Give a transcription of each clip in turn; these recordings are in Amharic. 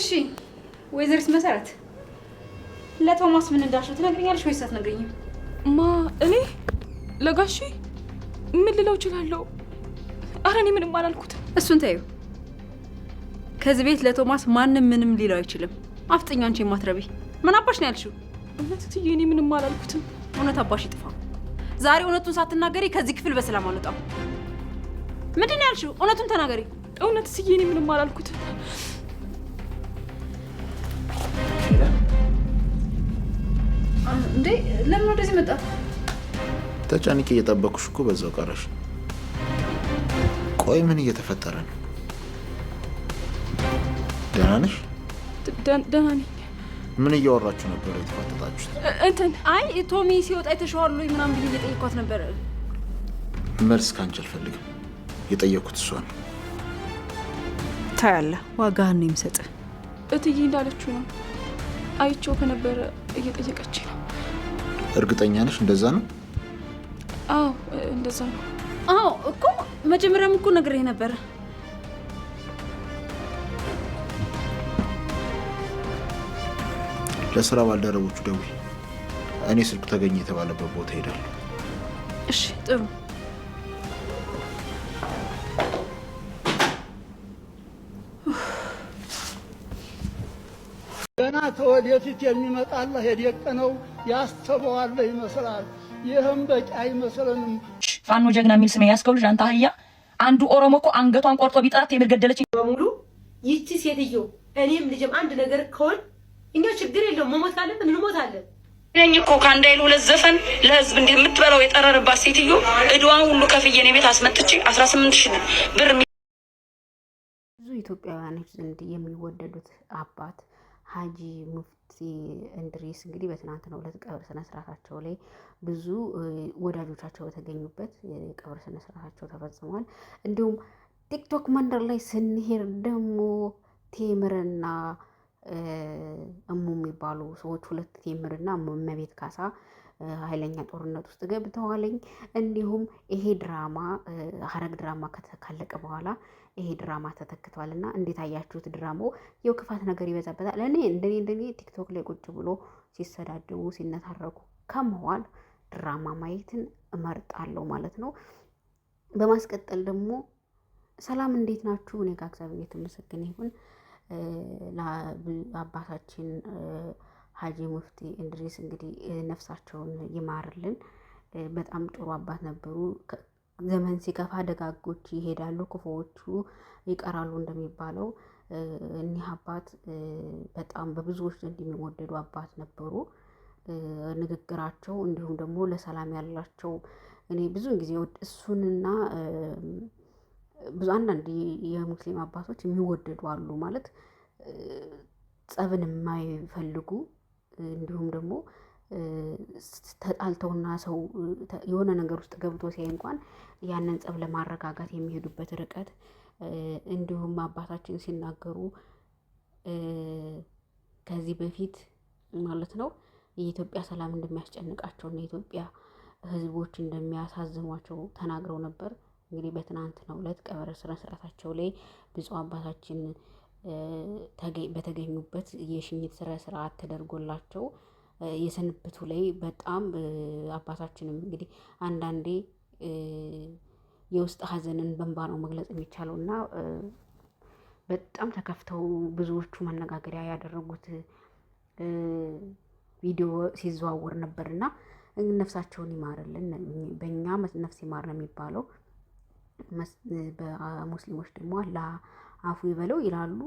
እሺ ወይዘሪት መሰረት ለቶማስ ምን እንዳልሽው ትነግሪኛለሽ ወይስ አትነግሪኝም? ማ እኔ ለጋሺ ምን ልለው እችላለሁ? አረ እኔ ምንም አላልኩትም። እሱን ተይው። ከዚህ ቤት ለቶማስ ማንም ምንም ሊለው አይችልም። አፍጥኛ አንቺ የማትረቢ ምን አባሽ ነው ያልሽው? እውነት ትዬ እኔ ምንም አላልኩትም። እውነት አባሽ ይጥፋ። ዛሬ እውነቱን ሳትናገሪ ከዚህ ክፍል በሰላም አልወጣም። ምንድን ነው ያልሽው? እውነቱን ተናገሪ። እውነት እትዬ እኔ ምንም አላልኩትም። እንዴ ለምን ወደዚህ መጣ? ተጨንቄ እየጠበኩሽ እኮ በዛው ቀረሽ። ቆይ ምን እየተፈጠረ ነው? ደህና ነሽ? ደህና ነኝ። ምን እያወራችሁ ነበር የተፋጠጣችሁት? እንትን አይ ቶሚ ሲወጣ የተሸዋሉ ምናምን ብዬ እየጠየኳት ነበረ። መልስ ካንች አልፈልግም። የጠየኩት እሷን ታያለ ዋጋህን ነው የምሰጥህ። እትዬ እንዳለችው ነው አይቼው ከነበረ እየጠየቀች ነው። እርግጠኛ ነሽ እንደዛ ነው? አዎ እንደዛ ነው። አዎ እኮ መጀመሪያም እኮ ነግሬ ነበረ። ለስራ ባልደረቦቹ ደውይ፣ እኔ ስልኩ ተገኘ የተባለበት ቦታ ሄዳለሁ። እሺ ጥሩ ከወደፊት የሚመጣላ የደቀነው ያስተበዋለ ይመስላል። ይህም በቂ አይመስለንም። ፋኖ ጀግና የሚል ስሜ ያስከው ልጅ አንተ አህያ፣ አንዱ ኦሮሞ እኮ አንገቷን ቆርጦ ቢጠራት የምትገደለች በሙሉ ይቺ ሴትዮ እኔም ልጅም አንድ ነገር ከሆን እኛ ችግር የለውም መሞት ካለብን እንሞታለን። እኔ እኮ ከአንድ አይል ሁለት ዘፈን ለህዝብ እንዲህ የምትበላው የጠረርባት ሴትዮ እድዋን ሁሉ ከፍዬ እኔ ቤት አስመጥቼ አስራ ስምንት ሺህ ብር ብዙ ኢትዮጵያውያኖች ዘንድ የሚወደዱት አባት ሀጂ ሙፍቲ እንድሪስ እንግዲህ በትናንትናው ዕለት ቀብር ስነስርዓታቸው ላይ ብዙ ወዳጆቻቸው በተገኙበት የቀብር ስነስርዓታቸው ተፈጽሟል። እንዲሁም ቲክቶክ መንደር ላይ ስንሄድ ደግሞ ቴምርና እሙ የሚባሉ ሰዎች ሁለት ቴምርና እመቤት ካሳ ኃይለኛ ጦርነት ውስጥ ገብተዋለኝ። እንዲሁም ይሄ ድራማ ሀረግ ድራማ ከተካለቀ በኋላ ይሄ ድራማ ተተክቷል እና እንዴት አያችሁት? ድራማው የው ክፋት ነገር ይበዛበታል። እኔ እንደኔ እንደኔ ቲክቶክ ላይ ቁጭ ብሎ ሲሰዳደቡ ሲነታረኩ ከመዋል ድራማ ማየትን እመርጣለሁ ማለት ነው። በማስቀጠል ደግሞ ሰላም እንዴት ናችሁ? እኔ ጋር እግዚአብሔር የተመሰገነ ይሁን። ለአባታችን ሀጂ ሙፍቲ እንድሪስ እንግዲህ ነፍሳቸውን ይማርልን። በጣም ጥሩ አባት ነበሩ። ዘመን ሲከፋ ደጋጎች ይሄዳሉ፣ ክፉዎቹ ይቀራሉ እንደሚባለው እኒህ አባት በጣም በብዙዎች ዘንድ የሚወደዱ አባት ነበሩ። ንግግራቸው እንዲሁም ደግሞ ለሰላም ያላቸው እኔ ብዙ ጊዜ እሱንና ብዙ አንዳንድ የሙስሊም አባቶች የሚወደዱ አሉ ማለት ጸብን የማይፈልጉ እንዲሁም ደግሞ ተጣልተውና ሰው የሆነ ነገር ውስጥ ገብቶ ሲያይ እንኳን ያንን ጸብ ለማረጋጋት የሚሄዱበት ርቀት እንዲሁም አባታችን ሲናገሩ ከዚህ በፊት ማለት ነው የኢትዮጵያ ሰላም እንደሚያስጨንቃቸውና የኢትዮጵያ ሕዝቦች እንደሚያሳዝሟቸው ተናግረው ነበር። እንግዲህ በትናንትናው ዕለት ቀብር ስነ ስርዓታቸው ላይ ብፁዕ አባታችን በተገኙበት የሽኝት ስረ ስርዓት ተደርጎላቸው የስንብቱ ላይ በጣም አባታችንም እንግዲህ አንዳንዴ የውስጥ ሀዘንን በንባ ነው መግለጽ የሚቻለው እና በጣም ተከፍተው ብዙዎቹ መነጋገሪያ ያደረጉት ቪዲዮ ሲዘዋወር ነበር እና ነፍሳቸውን ይማርልን። በእኛ ነፍስ ይማር ነው የሚባለው። በሙስሊሞች ደግሞ አላህ አፉ ይበለው ይላሉ።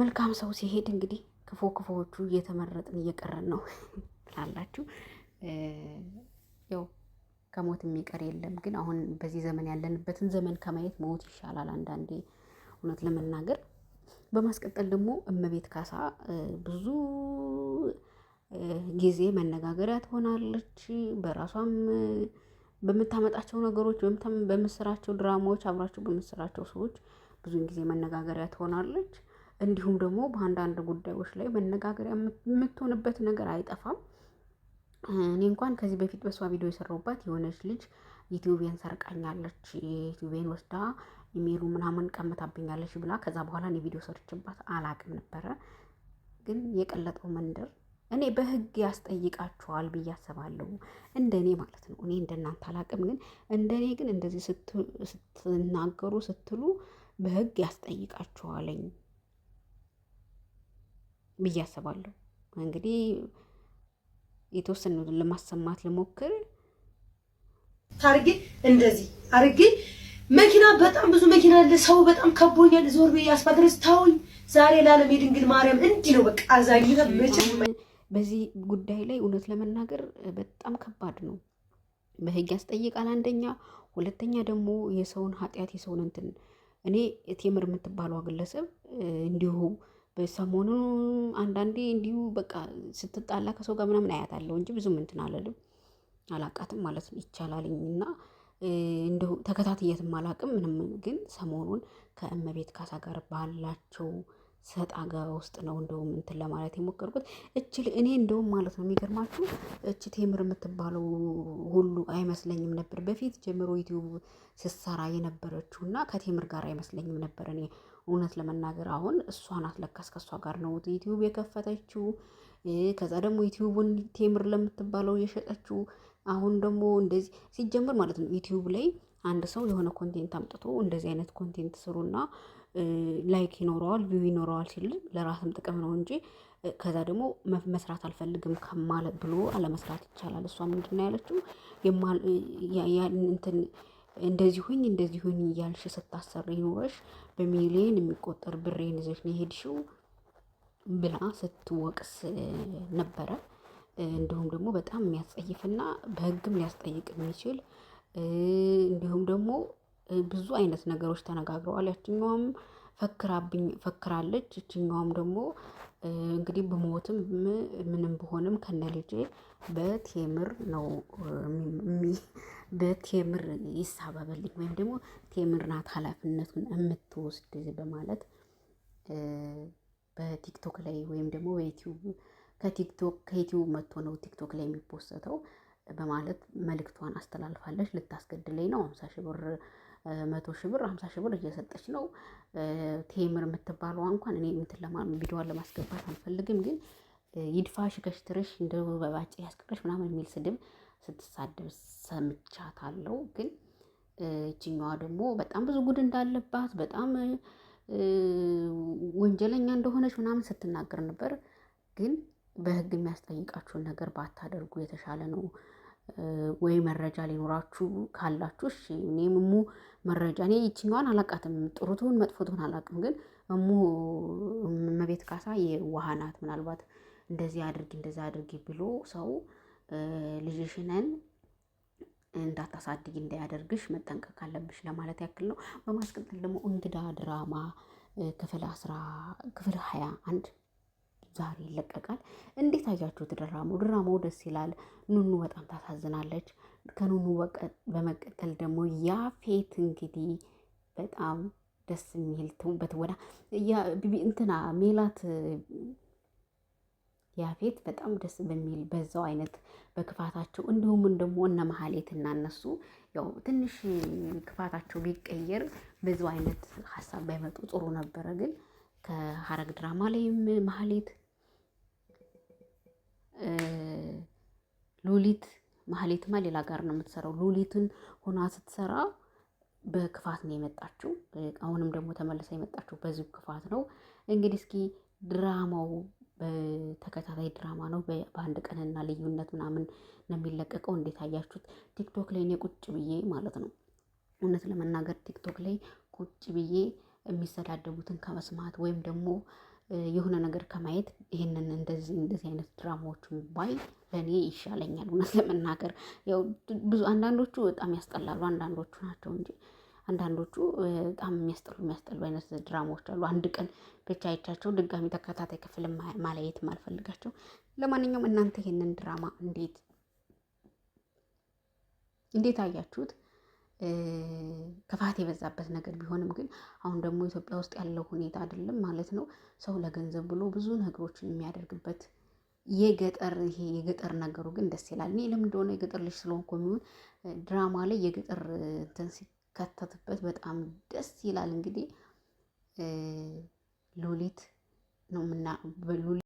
መልካም ሰው ሲሄድ እንግዲህ ክፉ ክፉዎቹ እየተመረጥን እየቀረን ነው ትላላችሁ። ያው ከሞት የሚቀር የለም፣ ግን አሁን በዚህ ዘመን ያለንበትን ዘመን ከማየት ሞት ይሻላል አንዳንዴ እውነት ለመናገር። በማስቀጠል ደግሞ እመቤት ካሳ ብዙ ጊዜ መነጋገሪያ ትሆናለች በራሷም በምታመጣቸው ነገሮች በምትሰራቸው ድራማዎች አብራቸው በምትሰራቸው ሰዎች ብዙን ጊዜ መነጋገሪያ ትሆናለች። እንዲሁም ደግሞ በአንዳንድ ጉዳዮች ላይ መነጋገሪያ የምትሆንበት ነገር አይጠፋም። እኔ እንኳን ከዚህ በፊት በሷ ቪዲዮ የሰራሁባት የሆነች ልጅ ዩቲዩቤን ሰርቃኛለች፣ ዩቲዩቤን ወስዳ ኢሜሉ ምናምን ቀምታብኛለች ብላ ከዛ በኋላ እኔ ቪዲዮ ሰርችባት አላቅም ነበረ። ግን የቀለጠው መንደር እኔ በህግ ያስጠይቃችኋል ብዬ አስባለሁ። እንደኔ ማለት ነው። እኔ እንደናንተ አላቅም፣ ግን እንደኔ ግን እንደዚህ ስትናገሩ ስትሉ በህግ ያስጠይቃችኋለኝ ብዬ አስባለሁ። እንግዲህ የተወሰነ ለማሰማት ልሞክር። ታርጌ እንደዚህ አርጌ መኪና በጣም ብዙ መኪና አለ። ሰው በጣም ከቦኛል። ዞር ብዬ አስፋ ድረስ ታውኝ ዛሬ ለዓለም የድንግል ማርያም እንዲህ ነው በቃ አዛኝ መቼ በዚህ ጉዳይ ላይ እውነት ለመናገር በጣም ከባድ ነው። በህግ ያስጠይቃል አንደኛ፣ ሁለተኛ ደግሞ የሰውን ኃጢአት የሰውን እንትን እኔ ቴምር የምትባለው ግለሰብ እንዲሁ በሰሞኑ አንዳንዴ እንዲሁ በቃ ስትጣላ ከሰው ጋር ምናምን አያታለሁ እንጂ ብዙም እንትን አለልም አላቃትም ማለት ይቻላልኝ እና እንዲሁ ተከታትየትም አላቅም ምንም ግን ሰሞኑን ከእመቤት ካሳ ጋር ባላቸው ሰጥ ገባ ውስጥ ነው እንደውም እንትን ለማለት የሞከርኩት። እች እኔ እንደውም ማለት ነው የሚገርማችሁ እች ቴምር የምትባለው ሁሉ አይመስለኝም ነበር በፊት ጀምሮ ዩቲዩብ ስሰራ የነበረችው እና ከቴምር ጋር አይመስለኝም ነበር እኔ እውነት ለመናገር አሁን እሷ ናት ለካስ ከእሷ ጋር ነው ዩቲዩብ የከፈተችው። ከዛ ደግሞ ዩቲዩቡን ቴምር ለምትባለው የሸጠችው። አሁን ደግሞ እንደዚህ ሲጀምር ማለት ነው ዩቲዩብ ላይ አንድ ሰው የሆነ ኮንቴንት አምጥቶ እንደዚህ አይነት ኮንቴንት ስሩና ላይክ ይኖረዋል፣ ቪው ይኖረዋል ሲል ለራስም ጥቅም ነው እንጂ ከዛ ደግሞ መስራት አልፈልግም ከማለ ብሎ አለመስራት ይቻላል። እሷ ምንድን ነው ያለችው? እንደዚህ ሁኝ እንደዚህ ሁኝ እያልሽ ስታሰር ይኖረሽ በሚሊዮን የሚቆጠር ብሬን ይዘሽ የሄድሽው ብላ ስትወቅስ ነበረ። እንዲሁም ደግሞ በጣም የሚያስጸይፍና በህግም ሊያስጠይቅ የሚችል እንዲሁም ደግሞ ብዙ አይነት ነገሮች ተነጋግረዋል። ያችኛውም ፈክራብኝ ፈክራለች። እችኛዋም ደግሞ እንግዲህ ብሞትም ምንም ብሆንም ከነ ልጄ በቴምር ነው በቴምር ይሳበበልኝ ወይም ደግሞ ቴምር ናት ኃላፊነቱን የምትወስድ በማለት በቲክቶክ ላይ ወይም ደግሞ በዩቲዩብ ከቲክቶክ ከዩቲዩብ መጥቶ ነው ቲክቶክ ላይ የሚፖሰተው በማለት መልእክቷን አስተላልፋለች። ልታስገድለኝ ነው አምሳ ሺህ ብር መቶ ሺህ ብር ሀምሳ ሺህ ብር እየሰጠች ነው። ቴምር የምትባለዋ እንኳን እኔ እንትን ለማ ቪዲዮዋን ለማስገባት አልፈልግም፣ ግን ይድፋሽ ከሽትርሽ እንደ በባጭ ያስቀረሽ ምናምን የሚል ስድብ ስትሳደብ ሰምቻታለሁ። ግን ይችኛዋ ደግሞ በጣም ብዙ ጉድ እንዳለባት በጣም ወንጀለኛ እንደሆነች ምናምን ስትናገር ነበር። ግን በህግ የሚያስጠይቃችሁን ነገር ባታደርጉ የተሻለ ነው። ወይ መረጃ ሊኖራችሁ ካላችሁ እሺ። እኔም እሙ መረጃ እኔ ይችኛዋን አላቃትም፣ ጥሩ ትሁን መጥፎ ትሁን አላቅም። ግን እሙ መቤት ካሳ የዋህ ናት። ምናልባት እንደዚህ አድርጊ እንደዛ አድርጊ ብሎ ሰው ልጅሽነን እንዳታሳድጊ እንዳያደርግሽ መጠንቀቅ አለብሽ ለማለት ያክል ነው። በማስቀጠል ደግሞ እንግዳ ድራማ ክፍል አስራ ክፍል ሀያ አንድ ዛሬ ይለቀቃል። እንዴት አያችሁት? ድራማው ድራማው ደስ ይላል። ኑኑ በጣም ታሳዝናለች። ከኑኑ በመቀጠል ደግሞ ያፌት እንግዲህ በጣም ደስ የሚል ትውበት ወዳ እንትና ሜላት ያፌት በጣም ደስ በሚል በዛው አይነት በክፋታቸው እንዲሁም ደግሞ እነ መሀሌት እና እነሱ ያው ትንሽ ክፋታቸው ቢቀየር በዛው አይነት ሀሳብ ባይመጡ ጥሩ ነበረ። ግን ከሀረግ ድራማ ላይም መሀሌት ሉሊት ማህሌትማ ሌላ ጋር ነው የምትሰራው። ሉሊትን ሆና ስትሰራ በክፋት ነው የመጣችው። አሁንም ደግሞ ተመልሳ የመጣችው በዚሁ ክፋት ነው። እንግዲህ እስኪ ድራማው በተከታታይ ድራማ ነው። በአንድ ቀንና ልዩነት ምናምን ነው የሚለቀቀው። እንዴት አያችሁት? ቲክቶክ ላይ እኔ ቁጭ ብዬ ማለት ነው እውነት ለመናገር ቲክቶክ ላይ ቁጭ ብዬ የሚሰዳደቡትን ከመስማት ወይም ደግሞ የሆነ ነገር ከማየት ይህንን እንደዚህ እንደዚህ አይነት ድራማዎችን ባይ ለእኔ ይሻለኛል። እውነት ለመናገር ያው ብዙ አንዳንዶቹ በጣም ያስጠላሉ፣ አንዳንዶቹ ናቸው እንጂ አንዳንዶቹ በጣም የሚያስጠሉ የሚያስጠሉ አይነት ድራማዎች አሉ። አንድ ቀን ብቻ አይቻቸው ድጋሚ ተከታታይ ክፍል ማለየት ማልፈልጋቸው። ለማንኛውም እናንተ ይህንን ድራማ እንዴት እንዴት አያችሁት? ክፋት የበዛበት ነገር ቢሆንም ግን አሁን ደግሞ ኢትዮጵያ ውስጥ ያለው ሁኔታ አይደለም ማለት ነው። ሰው ለገንዘብ ብሎ ብዙ ነገሮችን የሚያደርግበት የገጠር ይሄ የገጠር ነገሩ ግን ደስ ይላል። እኔ ለምን እንደሆነ የገጠር ልጅ ስለሆንኩ የሚሆን ድራማ ላይ የገጠር እንትን ሲከተትበት በጣም ደስ ይላል። እንግዲህ ሉሊት ነው ምና